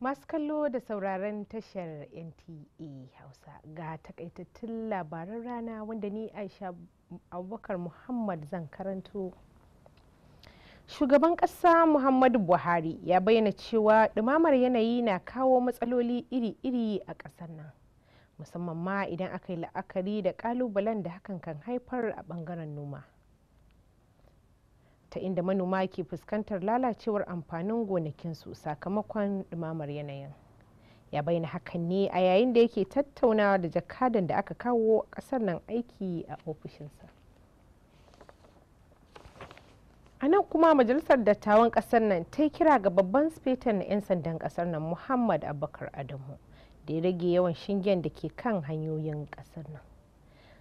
masu kallo da sauraron tashar nta hausa ga takaitattun labaran rana wanda ni aisha abubakar muhammad zan karanto shugaban ƙasa muhammadu buhari ya bayyana cewa ɗumamar yanayi na kawo matsaloli iri-iri a ƙasar nan musamman ma idan aka yi la'akari da ƙalubalen da hakan kan haifar a ɓangaren noma. ta inda manoma ke fuskantar lalacewar amfanin gonakinsu sakamakon ɗumamar yanayin ya bayyana hakan ne a yayin da yake tattaunawa da jakadan da aka kawo ƙasar nan aiki a ofishinsa a nan kuma majalisar dattawan ƙasar nan ta yi kira ga babban spetan na 'yan sandan ƙasar nan muhammad abubakar adamu da ya rage yawan shingen da ke kan hanyoyin ƙasar nan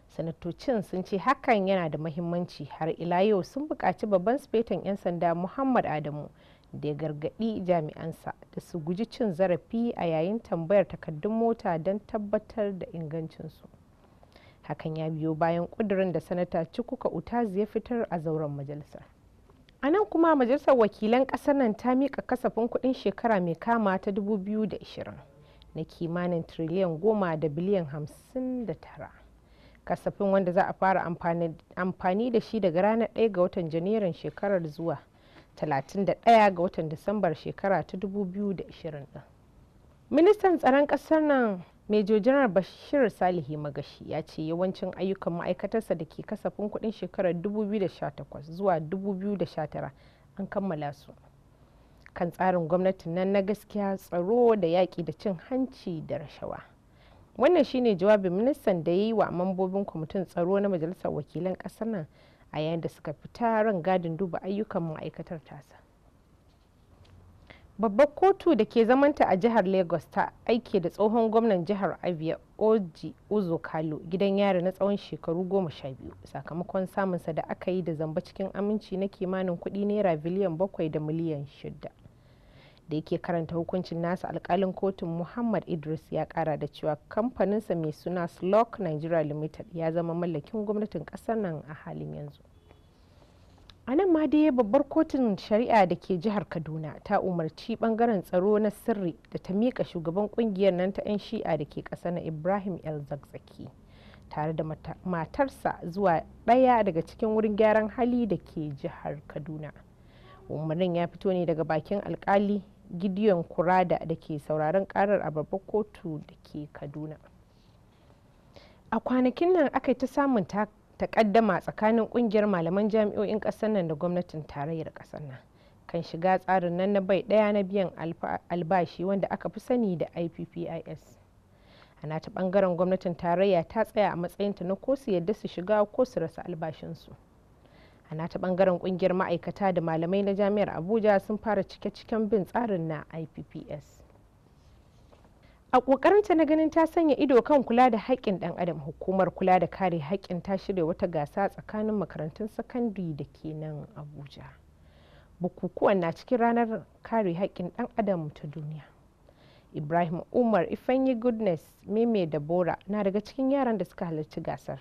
sanatocin sun ce hakan yana da mahimmanci har ila yau sun buƙaci babban sufetan 'yan sanda muhammad adamu da ya gargaɗi jami'ansa da su guji cin zarafi a yayin tambayar takardun mota don tabbatar da ingancinsu hakan ya biyo bayan ƙudurin da sanata cikuka utaz ya fitar a zauren majalisa. a nan kuma majalisar wakilan ƙasar nan ta miƙa kasafin kuɗin shekara mai kama ta 2020 na kimanin triliyan goma da biliyan 59 kasafin wanda za a fara amfani da shi daga ranar 1 ga watan janairun shekarar zuwa 31 ga watan disambar shekara ta 2020 ministan tsaron kasar nan major general bashir salihi magashi ya ce yawancin ayyukan ma'aikatarsa da ke kasafin kudin shekarar 2018 zuwa 2019 an kammala su kan tsarin gwamnatin nan na gaskiya tsaro da yaƙi da cin hanci da rashawa. wannan shine jawabin ministan da ya yi wa mambobin kwamitin tsaro na majalisar wakilan kasar nan a yayin da suka fita ran gadin duba ayyukan ma'aikatar tasa babbar kotu da ke zamanta a jihar lagos ta aike da tsohon gwamnan jihar abia oji uzo kalo gidan yari na tsawon shekaru goma sha biyu sakamakon samunsa da aka yi da zamba cikin aminci na kimanin kudi naira biliyan bakwai da miliyan shida da yake karanta hukuncin nasa alkalin kotun muhammad idris ya kara da cewa kamfaninsa mai suna slok nigeria limited ya zama mallakin gwamnatin kasar nan a halin yanzu a nan ma dai babbar kotun shari'a da ke jihar kaduna ta umarci bangaren tsaro na sirri da ta miƙa shugaban kungiyar nan ta 'yan shi'a da ke ƙasa na ibrahim el zakzaki tare da matarsa zuwa ɗaya daga cikin wurin gyaran hali da ke jihar kaduna umarnin ya fito ne daga bakin alkali gideon kurada da ke sauraron karar a babbar kotu da ke kaduna a kwanakin nan aka ta samun takaddama tsakanin kungiyar malaman jami'o'in kasar nan da gwamnatin tarayyar kasar nan kan shiga tsarin nan na bai daya na biyan albashi wanda aka fi sani da ippis a nata bangaren gwamnatin tarayya ta tsaya a matsayinta na ko su yadda su shiga ko su rasa albashinsu a nata bangaren kungiyar ma'aikata da malamai na jami'ar abuja sun fara cike-ciken bin tsarin na ipps a kokarinta na ganin ta sanya ido kan kula da haƙƙin ɗan adam hukumar kula da kare haƙƙin ta shirya wata gasa tsakanin makarantun sakandare da ke nan abuja bukukuwan na cikin ranar kare haƙƙin ɗan adam ta duniya ibrahim umar ifanyi goodness meme da bora na daga cikin yaran da suka halarci gasar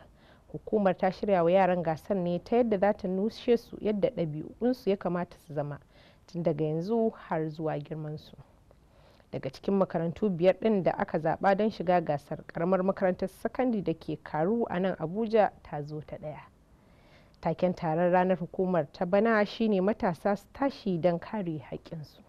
hukumar ta shirya wa yaran gasar ne ta yadda za ta nushe su yadda ɗabi'unsu ya kamata su zama tun daga yanzu har zuwa girmansu daga cikin makarantu biyar ɗin da aka zaɓa don shiga gasar karamar makarantar sakandi da ke karu a nan abuja ta zo ta ɗaya taken taron ranar hukumar ta bana shine matasa su tashi don kare haƙƙinsu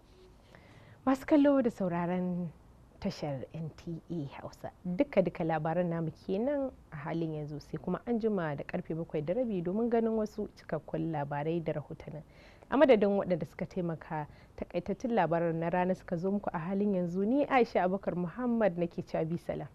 masu kallo da sauraron tashar NTA e Hausa. Duka-duka labaran namu kenan a halin yanzu sai kuma an jima da karfe bakwai da rabi domin ganin wasu cikakkun labarai da rahotannin. A madadin waɗanda suka taimaka takaitattun labaran na rana suka zo muku a halin yanzu ni Aisha Abubakar Muhammad nake cabi salam.